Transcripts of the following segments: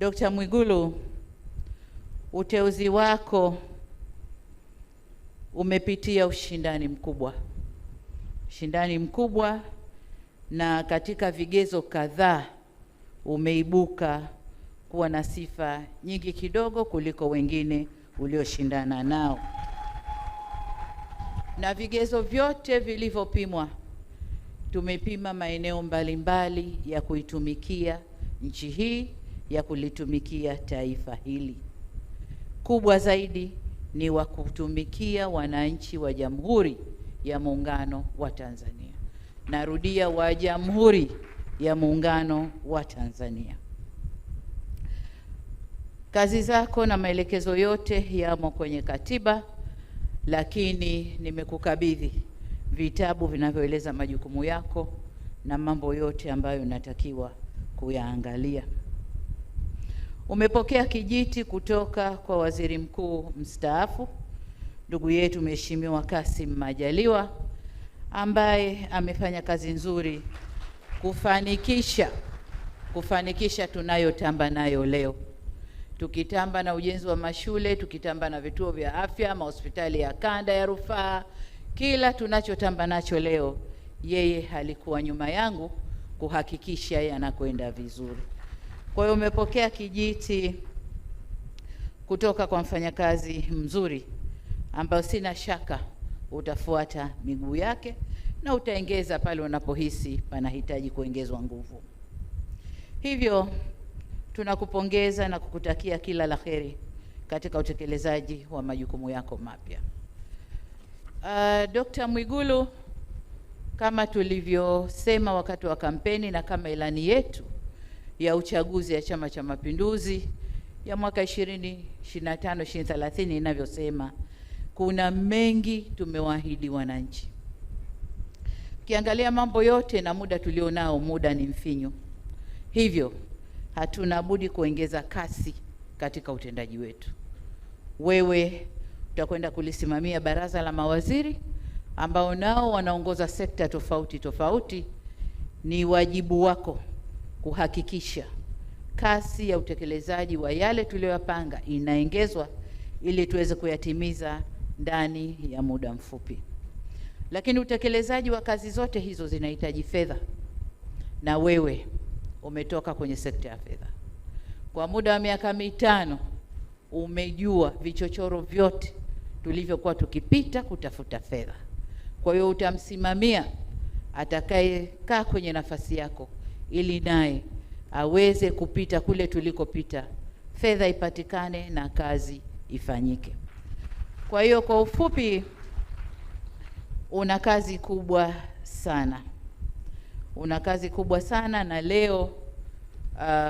Dkt. Mwigulu, uteuzi wako umepitia ushindani mkubwa, ushindani mkubwa, na katika vigezo kadhaa umeibuka kuwa na sifa nyingi kidogo kuliko wengine ulioshindana nao, na vigezo vyote vilivyopimwa, tumepima maeneo mbalimbali ya kuitumikia nchi hii ya kulitumikia taifa hili. Kubwa zaidi ni wa kutumikia wananchi wa Jamhuri ya Muungano wa Tanzania. Narudia, wa Jamhuri ya Muungano wa Tanzania. Kazi zako na maelekezo yote yamo kwenye katiba, lakini nimekukabidhi vitabu vinavyoeleza majukumu yako na mambo yote ambayo unatakiwa kuyaangalia. Umepokea kijiti kutoka kwa Waziri Mkuu mstaafu ndugu yetu Mheshimiwa Kassim Majaliwa ambaye amefanya kazi nzuri kufanikisha kufanikisha tunayotamba nayo leo, tukitamba na ujenzi wa mashule, tukitamba na vituo vya afya, mahospitali ya kanda ya rufaa. Kila tunachotamba nacho leo, yeye alikuwa nyuma yangu kuhakikisha yanakwenda vizuri. Kwa hiyo umepokea kijiti kutoka kwa mfanyakazi mzuri ambayo sina shaka utafuata miguu yake na utaongeza pale unapohisi panahitaji kuongezwa nguvu. Hivyo tunakupongeza na kukutakia kila la heri katika utekelezaji wa majukumu yako mapya. Uh, ah, Dr. Mwigulu, kama tulivyosema wakati wa kampeni na kama ilani yetu ya uchaguzi ya Chama cha Mapinduzi ya mwaka 2025 2030 inavyosema, kuna mengi tumewaahidi wananchi. Ukiangalia mambo yote na muda tulionao, muda ni mfinyu, hivyo hatuna budi kuongeza kasi katika utendaji wetu. Wewe utakwenda kulisimamia baraza la mawaziri ambao nao wanaongoza sekta tofauti tofauti. Ni wajibu wako kuhakikisha kasi ya utekelezaji wa yale tuliyoyapanga inaongezwa ili tuweze kuyatimiza ndani ya muda mfupi. Lakini utekelezaji wa kazi zote hizo zinahitaji fedha, na wewe umetoka kwenye sekta ya fedha kwa muda wa miaka mitano, umejua vichochoro vyote tulivyokuwa tukipita kutafuta fedha. Kwa hiyo utamsimamia atakayekaa kwenye nafasi yako ili naye aweze kupita kule tulikopita, fedha ipatikane na kazi ifanyike. Kwa hiyo kwa ufupi, una kazi kubwa sana, una kazi kubwa sana na leo uh,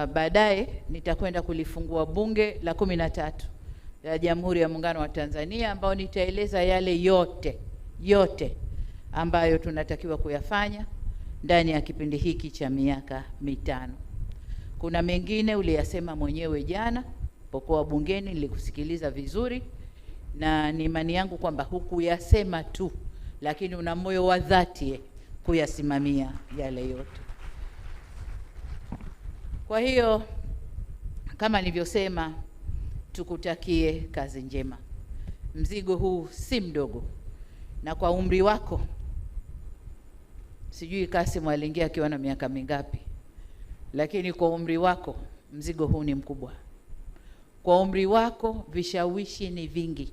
baadaye nitakwenda kulifungua bunge la kumi na tatu la Jamhuri ya Muungano wa Tanzania, ambao nitaeleza yale yote yote ambayo tunatakiwa kuyafanya ndani ya kipindi hiki cha miaka mitano. Kuna mengine uliyasema mwenyewe jana pokuwa bungeni, nilikusikiliza vizuri, na ni imani yangu kwamba hukuyasema tu, lakini una moyo wa dhati kuyasimamia yale yote. Kwa hiyo kama nilivyosema, tukutakie kazi njema. Mzigo huu si mdogo, na kwa umri wako Sijui Kasim aliingia akiwa na miaka mingapi, lakini kwa umri wako mzigo huu ni mkubwa. Kwa umri wako vishawishi ni vingi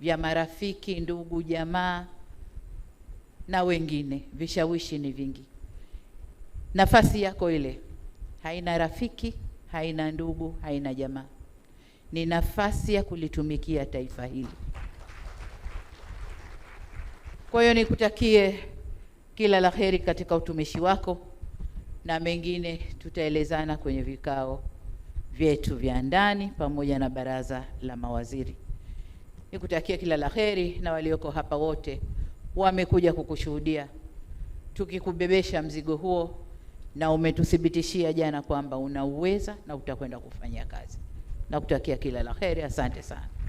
vya marafiki, ndugu, jamaa na wengine, vishawishi ni vingi. Nafasi yako ile haina rafiki, haina ndugu, haina jamaa, ni nafasi ya kulitumikia taifa hili. Kwa hiyo nikutakie kila la heri katika utumishi wako, na mengine tutaelezana kwenye vikao vyetu vya ndani pamoja na baraza la mawaziri. Nikutakia kila la heri, na walioko hapa wote wamekuja kukushuhudia tukikubebesha mzigo huo, na umetuthibitishia jana kwamba unauweza na utakwenda kufanya kazi. Nakutakia kila la heri, asante sana.